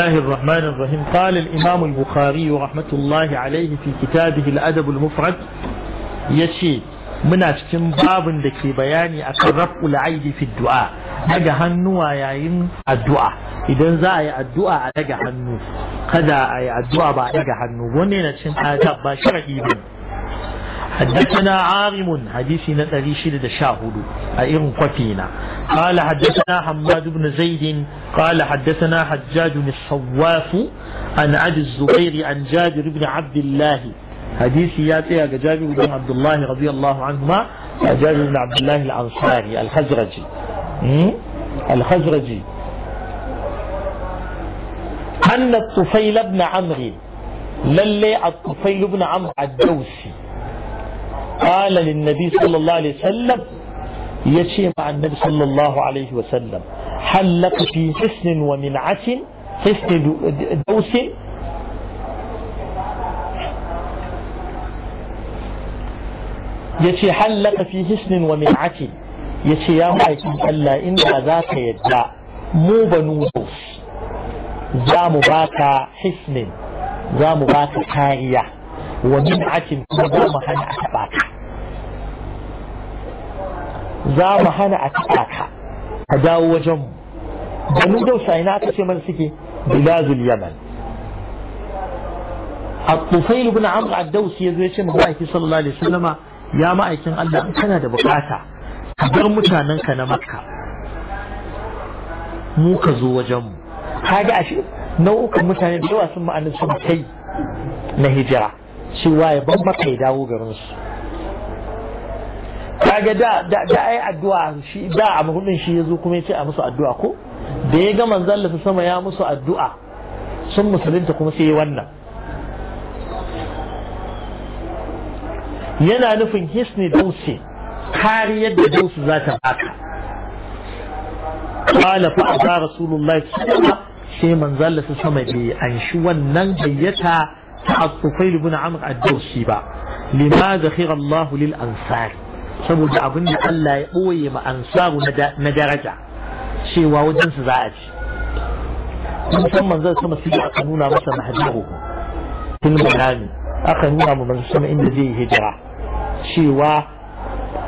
الله الرحمن الرحيم قال الإمام البخاري رحمة الله عليه في كتابه الأدب المفرد يشي muna cikin babin da ke bayani akan raf'ul aidi fi du'a daga hannuwa yayin addu'a idan za a yi addu'a a daga hannu kada a yi addu'a ba a daga hannu wannan yana cin adab ba حدثنا عارم حديثنا الذي شدد شاهد أئر قفينا قال حدثنا حماد بن زيد قال حدثنا حجاج الصواف عن أبي الزبير عن جابر بن عبد الله حديث ياتي جابر بن عبد الله رضي الله عنهما جابر بن عبد الله الأنصاري الخزرجي الخزرجي أن الطفيل بن عمرو للي الطفيل بن عمرو الدوسي قال للنبي صلى الله عليه وسلم يشي مع النبي صلى الله عليه وسلم حلق في حسن ومنعة حسن دوس يشي حلق في حسن ومنعة يشي يا معيكم ألا إن ذاك يدعى مو بنو دوس za mu حسن hisnin za mu baka kariya wa min'atin za mu hana a ka a dawo wajen mu banu ina aka ce mana suke bilazul yaman الطفيل بن عمرو الدوسي يزو يشي مبايكي صلى الله عليه Sallama ya ma'aikin Allah kana da bukata ka bar mutanenka na makka mu ka zo wajen mu kaga shi nau'ukan mutane da yawa sun ma'anin sun kai na hijira cewa waye ban maka ya dawo garin su kaga da da da ai addu'a shi da abu hudun shi yazo kuma yace a musu addu'a ko da ya ga manzon Allah sama ya musu addu'a sun musulunta kuma sai wannan yana nufin hisni dausi kariyar da dausu za ta baka qala fa aba rasulullahi sai manzon Allah sama bai anshi wannan gayyata ta Al-Tufail ibn Amr ad-Dawsi ba لما ذخر الله للأنصار saboda abin da Allah ya ɓoye ma ansaru na daraja cewa wajen su za a ci Musamman zai sama sai aka nuna masa mahdihu tun manami aka nuna mu manzon sama inda zai yi hijira cewa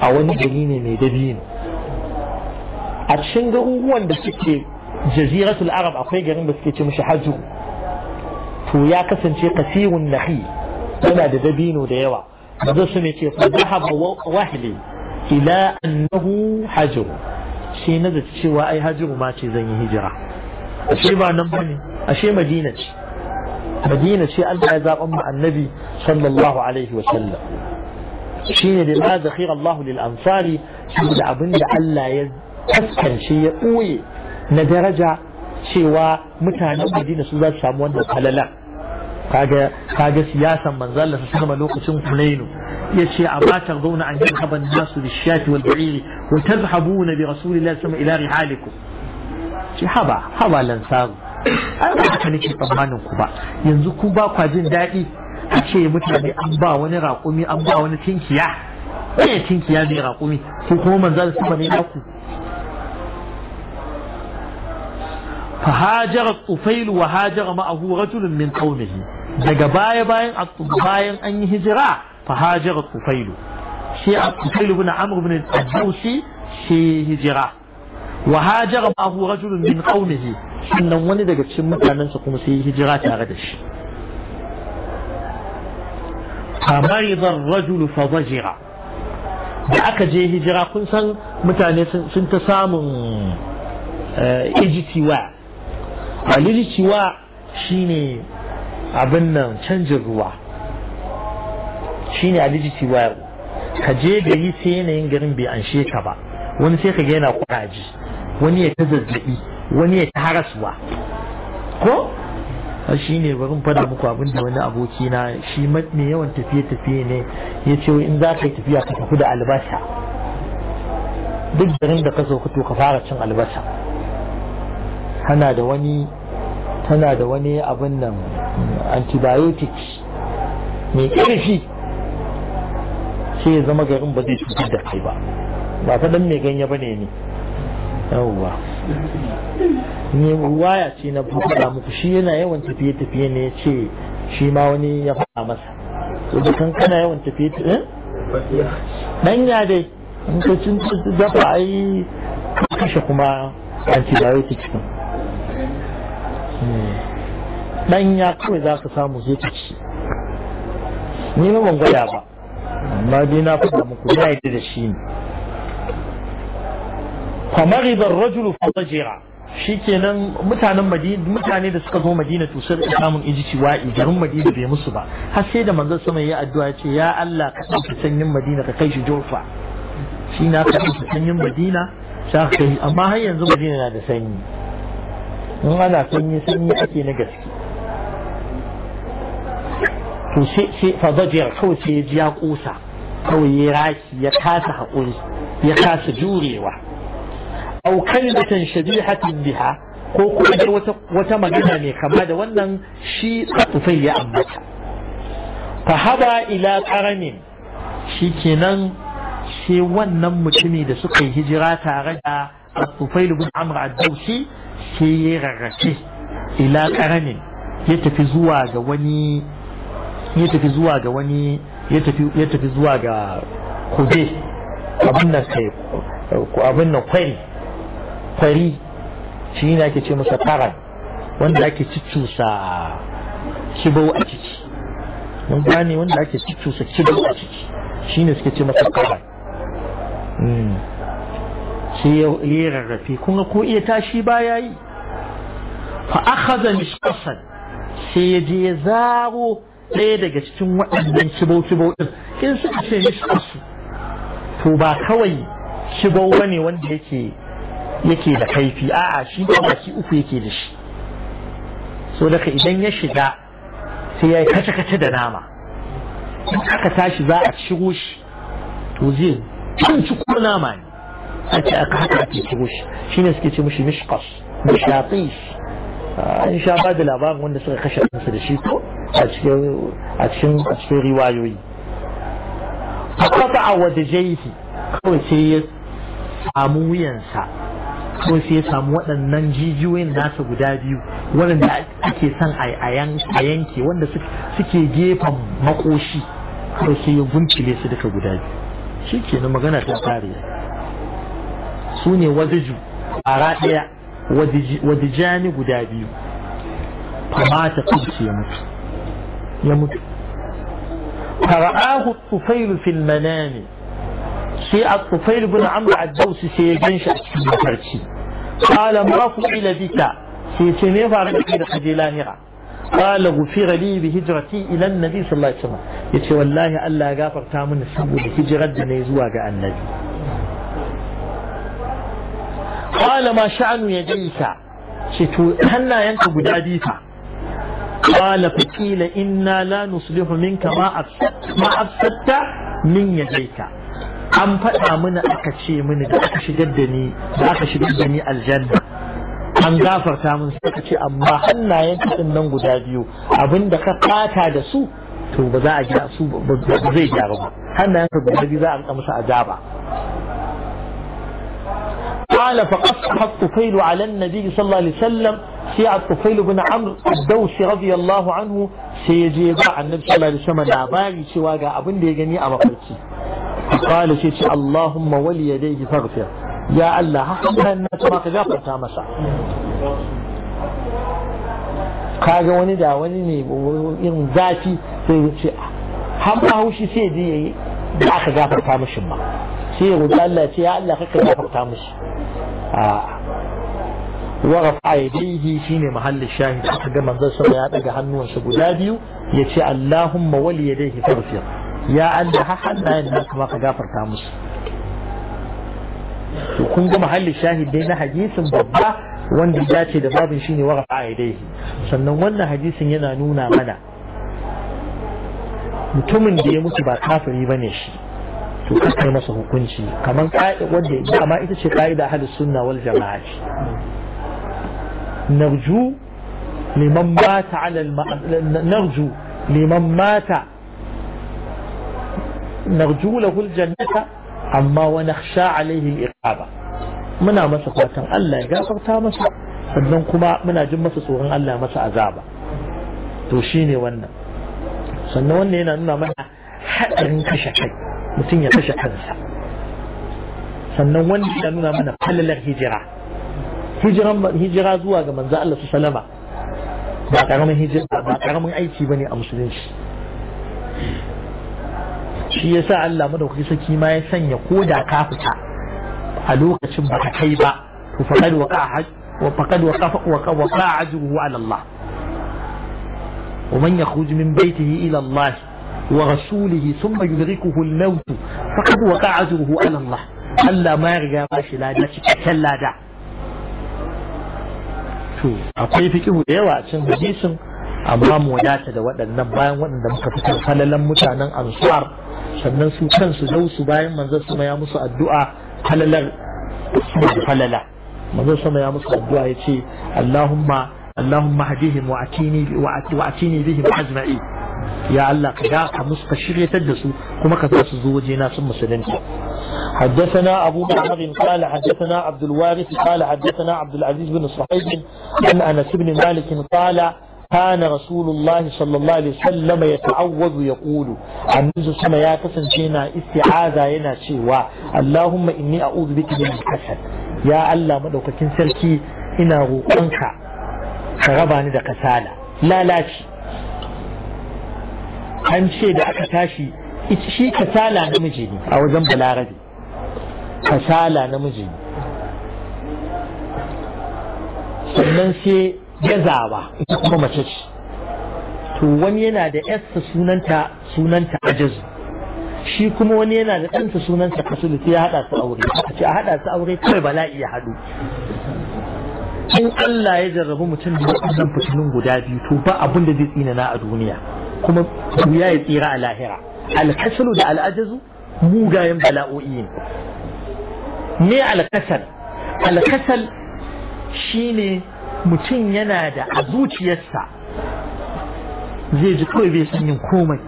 a wani gari ne mai dabino a cikin garuruwan da suke jaziratul arab akwai garin da suke ce mishi hajju to ya kasance kasirun nahi yana da dabino da yawa manzo su ne ce fa dhahaba wahli ila annahu hajru sai na zaci cewa ai hajru ma ce zan yi hijira ashe ba nan bane ashe madina ce madina ce Allah ya zaɓa mu annabi sallallahu alaihi wa sallam shine da ma zakhira Allah lil ansari saboda abinda Allah ya kaskance ya ɓoye na daraja cewa mutanen madina su za su samu wannan falalan kaga kaga siyasan manzo Allah sama lokacin Hunainu yace amma tarduna an yadhhaban nasu bishati wal ba'iri wa tadhhabuna bi rasulillahi sallallahu ila rihalikum ce haba haba lan samu ai ba ka nake tsammanin ku ba yanzu ku ba kwa jin daɗi a ce mutane an ba wani raƙumi an ba wani tinkiya ne tinkiya ne raƙumi ko kuma manzo sallallahu ne naku فهاجر الطفيل وهاجر معه رجل من قومه daga baya bayan bayan an yi hijira fa hajara kufailu shi a kufailu bin amr bin al jawsi shi hijira wa hajara ma'ahu rajulun min qaumihi sannan wani daga cikin sa kuma sai hijira tare da shi ar-rajul fa فضجر da aka je hijira kun san mutane sun ta samun Ejitiwa eh, al shine abin nan canjin ruwa shine alijiti wire ka je da yi sai yanayin garin bai anshe ka ba wani sai ka ga yana kuraji wani ya ta zazzabi wani ya ta harasuwa ko shi ne barin fada muku abin da wani aboki na shi mai yawan tafiye-tafiye ne ya ce in za ka yi tafiya ka tafi da albasa duk garin da ka sauka ka fara cin albasa tana da wani tana da wani abin nan antibiotics mai ƙarfi sai ya zama garin ba zai cutar da kai ba ba ta dan mai ganye ba ne ne yawwa ne waya ce na faɗa muku shi yana yawan tafiye-tafiye ne ya ce shi ma wani ya faɗa masa to da kan kana yawan tafiye-tafiye ɗan eh? ya in ka cin dafa a yi kashe kuma antibiotics ɗin hmm. ɗanya kawai za ka samu zai ta ci ni ma ban gwada ba amma dai na faɗa muku na yadda da shi ne kamar da rajulu jera. shi kenan mutanen mutane da suka zo madina to sun samun ijici wa'i garin madina bai musu ba har sai da manzon sama ya addu'a ce ya Allah ka ɗauki sanyin madina ka kai shi jofa shi na ka ɗauki sanyin madina za kai amma har yanzu madina na da sanyi in ana sanyi sanyi ake na gaske to sai fadajiyar kawai ya ji ya kusa ya raki ya kasa haƙuri ya kasa jurewa au kalimatan shabihatin biha ko kuma wata wata magana ne kama da wannan shi tsufai ya ambata fahaba ila karamin shikenan sai wannan mutumi da suka yi hijira tare da tsufai bin amr ad-dawsi sai ya rarrace ila karamin ya tafi zuwa ga wani ya tafi zuwa ga wani ya tafi zuwa ga kuje abin nan kai abin nan kwari kwari shi ne ake ce masa taran wanda ake cicusa kibau a ciki mun gane wanda ake cicusa kibau a ciki shi ne suke ce masa taran hmm. sai ya yi rarrafe kuma ko iya tashi ba ya yi fa akhadha mishqasan sai ya je ya zaro ɗaya daga cikin waɗannan shibo-shibo ɗin in suka ce su. to ba kawai shibo ba ne wanda yake yake da kaifi a'a shi ba baki uku yake da shi so daga idan ya shiga sai ya yi kace-kace da nama in aka tashi za a ciro shi to zai ci ko nama ne a ce aka haka ake ciro shi shi ne suke ce mishi mishkas shi an sha ba da labarin wanda suka kashe kansu da shi ko a cikin a cikin a riwayoyi fakata a kawai sai ya samu wuyansa kawai sai ya samu waɗannan jijiyoyin nasa guda biyu waɗanda ake son a yanke wanda suke gefen makoshi kawai sai ya guntile su duka guda biyu shi ke na magana ta kare su ne wadiju ƙara ɗaya wadijani guda biyu kamata kuma ya mutu ya mutu fara'ahu tufailu fil manami sai a tufailu bin amr addausi sai ya gan shi a cikin mafarki qala ma fu'ila bika sai ce me faru da kai da kaje lahira qala ghufira li bi hijrati ila annabi sallallahu alaihi wasallam yace wallahi Allah ya gafarta mini saboda hijirar da nayi zuwa ga annabi qala ma sha'anu yadayka ce to hannayenka guda biyu fa قال فقيل إنا لا نصلح منك ما أفسدت ما أفسدت من يديك an faɗa mana aka ce mini da aka shigar da ni aljanna an gafarta min suka ce amma hannayen kaɗin nan guda biyu abinda ka fata da su to ba za a gyara su ba zai gyara ba hannayen ka guda biyu za a rika musu azaba قال فقد حق فيل على النبي صلى الله عليه shi a tufailu bin amr daushi radiyallahu anhu sai ya je ba annabi sallallahu alaihi wasallam labari cewa ga abin da ya gani a mafarki qala sai ce allahumma wali yadayhi faghfir ya allah hakan na ta ka gafarta masa kaga wani da wani ne irin zafi sai ya ce har ma haushi sai je yayi da aka gafarta mishi ba sai ya roki Allah ce ya Allah kaka gafarta mishi a'a ah. ورفع يديه شين محل الشاهد حتى من ذا سمع يدعى هنو سبوداديو يتي اللهم ولي يديه فاغفر يا الله حنا الناس ما غفر تامس kun ga mahallin shahid dai na hadisin babba wanda ya ce da babin shine wa rafa'a yadayhi sannan wannan hadisin yana nuna mana mutumin da ya mutu ba kafiri bane shi to kai masa hukunci kamar wanda amma ita ce ka'ida ahlus sunna wal jama'a نرجو لمن مات على الم... نرجو لمن مات نرجو له الجنة أما ونخشى عليه الإقابة muna masa fatan Allah ya gafarta masa sannan kuma muna jin masa tsoron Allah masa azaba to shine wannan sannan wannan yana nuna mana haɗarin kashe kai mutum ya kashe kansa sannan wannan yana nuna mana falalar hijira hijira zuwa ga manzo Allah su salama ba karamin hijira ba karamin aiki bane a musulunci shi yasa Allah madaukaki saki ma ya sanya koda ka fita a lokacin ba ka kai ba to faqad waqa haj wa faqad waqa waqa ajruhu ala Allah ومن يخرج من بيته إلى الله ورسوله ثم يدركه الموت فقد وقع أجره على الله ألا ما يرجع ما شلا دا to akwai fikihu da yawa a cin hadisin amma mu wadata da waɗannan bayan waɗanda muka fitar falalan mutanen ansuwar, sannan su kansu su bayan manzon sama ya musu addu'a falalar falala manzon sama ya musu addu'a ya ce Allahumma Allahumma hadihim wa يا الله كدا كمسك شغي تدسو كما كفاس الزوجي ناس سلمت حدثنا أبو محمد قال حدثنا عبد الوارث قال حدثنا عبد العزيز بن صحيح عن أنس بن مالك قال كان رسول الله صلى الله عليه وسلم يتعوذ يقول عن منذ سما يا كسنتينا استعاذة ينا شيوا اللهم إني أعوذ بك من الكسل يا الله مدوكتين سلكي إنا روحانك كغباني دا كسالة لا لا شيء an ce da aka tashi shi kasala namiji ne a wajen balarabe kasala namiji ne sannan sai gazawa ita kuma mace ce to wani yana da 'yasta sunanta sunanta ajazu shi kuma wani yana da ɗansa sunanta kasulu sai ya haɗa su aure a ce a haɗa su aure kawai bala'i ya haɗu in Allah ya jarrabu mutum da wannan fitinin guda biyu to ba abin da zai tsinana a duniya kuma wuya ya tsira a lahira alkasalu da al'ajazu mugayen bala'o'i ne me alkasal alkasal shine mutum yana da a zuciyarsa zai ji kawai bai san yin komai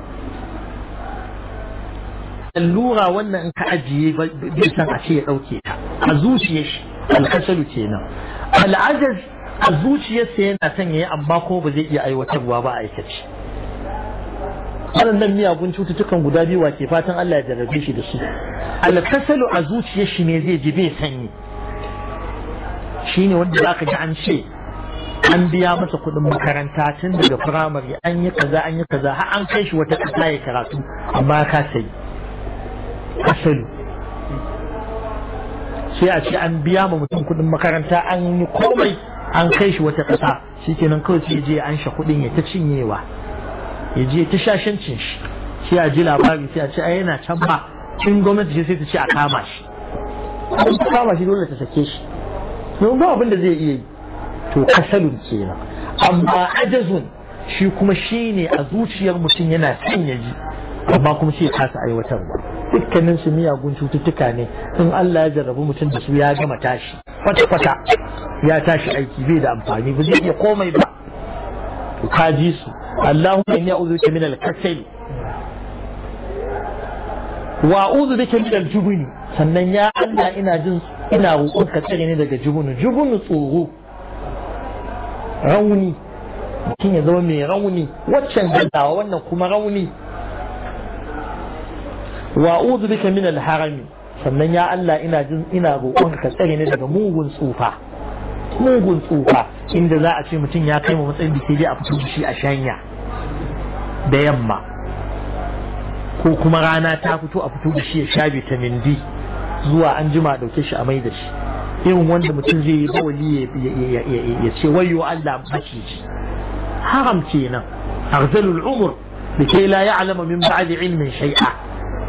allura wannan in ka ajiye bai san a ce ya ɗauke ta a zuciyar shi alkasalu kenan al'ajaz a zuciyarsa yana son ya yi amma ko ba zai iya aiwatarwa ba a aikace waɗannan miyagun cututtukan guda biyu wa ke fatan Allah ya jarrabe shi da su alkasalu a zuciyar shi ne zai ji bai sanyi shine wanda zaka ji an ce an biya masa kuɗin makaranta tun daga firamare an yi kaza an yi kaza har an kai shi wata ƙasa ya karatu amma ka sai kasalu sai a ce an biya ma mutum kuɗin makaranta an yi komai an kai shi wata ƙasa shikenan kawai sai je an sha kuɗin ya ta cinyewa ya je ta shashancin shi sai a ji labari sai a ce ai yana can ba kin gwamnati ce sai ta ce a kama shi an kama shi dole ta sake shi don ba abin da zai iya yi to kasalun kenan amma ajazun shi kuma shi ne a zuciyar mutum yana son ya ji amma kuma sai ya kasa aiwatarwa dukkanin su miyagun cututtuka ne in Allah ya jarrabu mutum da su ya gama tashi kwata-kwata ya tashi aiki bai da amfani ba zai iya komai ba to ka ji su Allahumma inni a'udhu bika min al-kasal wa a'udhu bika min al jubun sannan ya Allah ina jin ina roƙon ka tsare ni daga jubun jubun tsoro rauni kin ya zama mai rauni waccan gaddawa wannan kuma rauni wa uzu bika min alharami sannan ya Allah ina jin ina roƙon ka tsare ni daga mugun tsufa mugun tsufa inda za a ce mutum ya kai matsayin da ke je a fito shi a shanya da yamma ko kuma rana ta fito a fito da shi ya sha vitamin D zuwa an jima dauke shi a mai da shi irin wanda mutum zai yi bawali ya ce wayo Allah maciji haram kenan arzalul umur da ke la ya'lamu min ba'di ilmin shay'a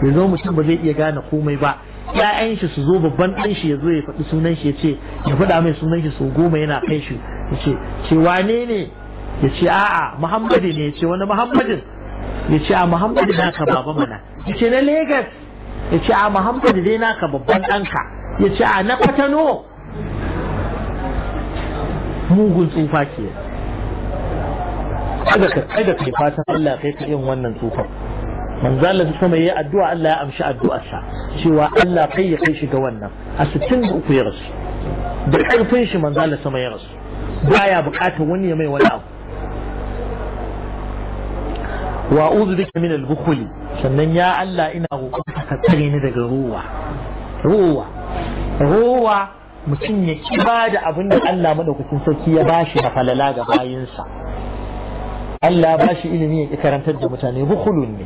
yanzu mutum ba zai iya gane komai ba ƴaƴan shi su zo babban ɗan shi ya zo ya faɗi sunan shi ya ce ya faɗa mai sunan shi sau goma yana kai shi ya ce ce wane ne ya ce a'a muhammadu ne ya ce wani muhammadin ya ce a muhammadu ka baba mana ya ce na Legas. ya ce a muhammadu dai naka babban ɗanka ya ce a na kwatano mugun tsufa ke kada ka kai fatan Allah kai ka yin wannan tsufan manzo Allah ta sama yayi addu'a Allah ya amshi addu'arsa cewa Allah kai ya kai shi ga wannan a 63 ya rasu da karfin shi manzo Allah sama ya rasu baya bukatar wani ya mai wani abu wa uzu bika min al-bukhli sannan ya Allah ina roƙon ka tare ni daga ruwa ruwa ruwa mutum ya ki ba da abin da Allah madaukakin sarki ya bashi na falala ga bayinsa Allah ba shi ilimi ya ƙi karantar da mutane bukhulun ne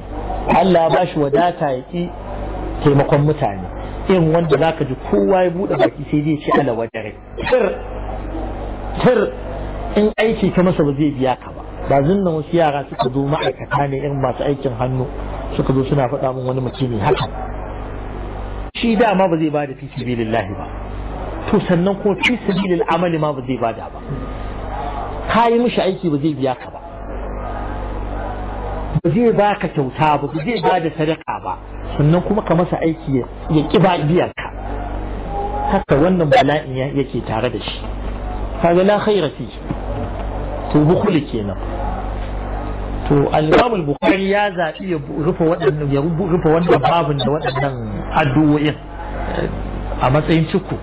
Allah ba shi wadata ya ƙi taimakon mutane in wanda za ka ji kowa ya buɗe baki sai zai ci ala wadare tir tir in aiki ka masa ba zai biya ka ba ba zunna wasu yara suka zo ma'aikata ne irin masu aikin hannu suka zo suna faɗa min wani ne haka shi dama ba zai ba da fi sabilillahi ba to sannan ko fi sabilil amali ma ba zai bada ba ka yi mishi aiki ba zai biya ka ba ba zai ba ka kyauta ba ba zai bada sadaka ba sannan kuma ka masa aiki ya ki ba ka haka wannan bala'in yake tare da shi kaga la khaira fi to bukhuli kenan to al-Imam bukhari ya zaɓi ya rufe waɗannan ya rufe wannan babin da waɗannan addu'o'in a matsayin ciko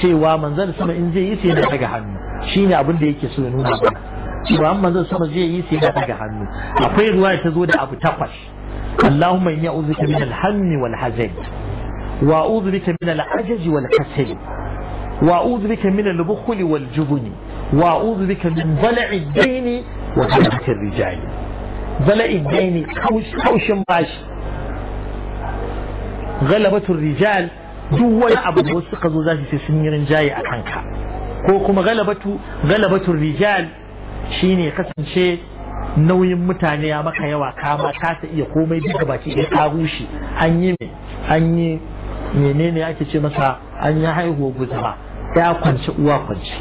cewa manzon sama in zai yi sai na daga hannu shine abin da yake so ya nuna mana cewa an manzon sama zai yi sai ya daga hannu akwai ruwa ta zo da abu takwas Allahumma inni a'udhuka min al-hammi wal hazan wa a'udhu bika min al-ajaz wal kasal wa a'udhu bika min al-bukhl wal jubn wa a'udhu bika min dala'i ad-dayn wa ghalabat ar-rijal dala'i ad-dayn kaushin bashi ghalabatu ar-rijal duk wani abu da wasu suka zo za su sai sun yi rinjaye a kanka ko kuma galabatu galabatu rijal Shi ne kasance nauyin mutane ya maka yawa kama ta ta iya komai duka baki ɗaya ta rushe an yi me an yi menene ake ce masa an yi haihuwa guzuma ya kwance uwa kwance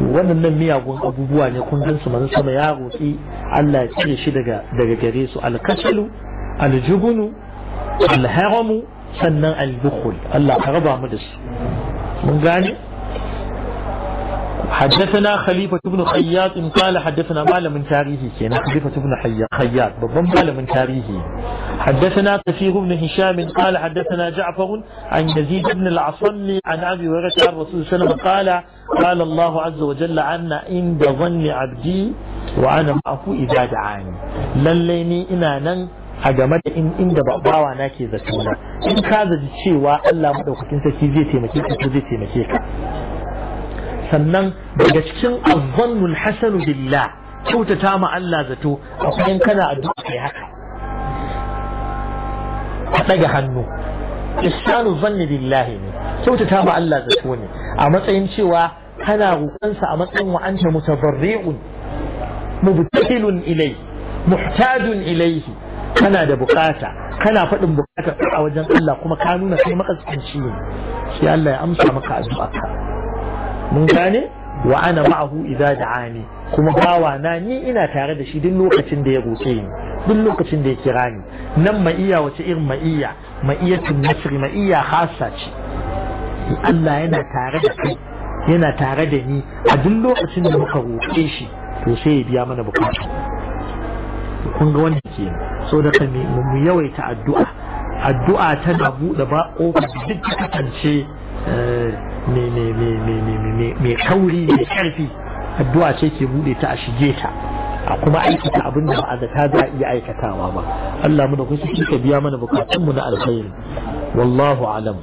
waɗannan miyagun abubuwa ne kun gan su manzo sama ya roƙi Allah ya cire shi daga daga gare su alkasalu aljugunu alharamu sannan albukhul Allah ka raba mu da su mun gane حدثنا خليفة بن خياط قال حدثنا مال من تاريخي كان خليفة بن خياط بضم مال من تاريخي حدثنا كثير بن هشام قال حدثنا جعفر عن يزيد بن العصم عن أبي هريرة عن الرسول صلى الله عليه وسلم قال قال الله عز وجل عنا عند ظن عبدي وأنا معه إذا دعاني لليني إنا نن a game da in inda bawa na ke zato in ka zaci cewa Allah madaukakin sarki zai taimake ka zai taimake ka sannan daga cikin azzannul hasanu billah kyautata ma Allah zato akwai in kana addu'a kai haka a ɗaga hannu ihsanu zanni billahi ne kyautata ma Allah zato ne a matsayin cewa kana roƙonsa a matsayin wa anta mutabarri'un mubtahilun ilai muhtajun ilaihi kana da bukata kana faɗin bukatar a wajen Allah kuma ka nuna kai makaskanci ne sai Allah ya amsa maka addu'a mun gane wa ana ma'ahu idza da'ani kuma bawa na ni ina tare da shi duk lokacin da ya roƙe ni duk lokacin da ya kira ni nan ma'iya wace irin ma'iya ma'iyatun nasri ma'iya khassa ce Allah yana tare da kai yana tare da ni a duk lokacin da muka roƙe shi to sai ya biya mana bukata kun ga wanda ke so da mu yawaita addu'a addu'a tana buɗe ba ko duk kasance Eh, mai kauri mai karfi addu'a ce ke bude ta a shige ta a kuma aikata abin da ba ta za a iya aikatawa ba Allah mu da kusa ka biya mana bukatunmu na alkhairi wallahu alam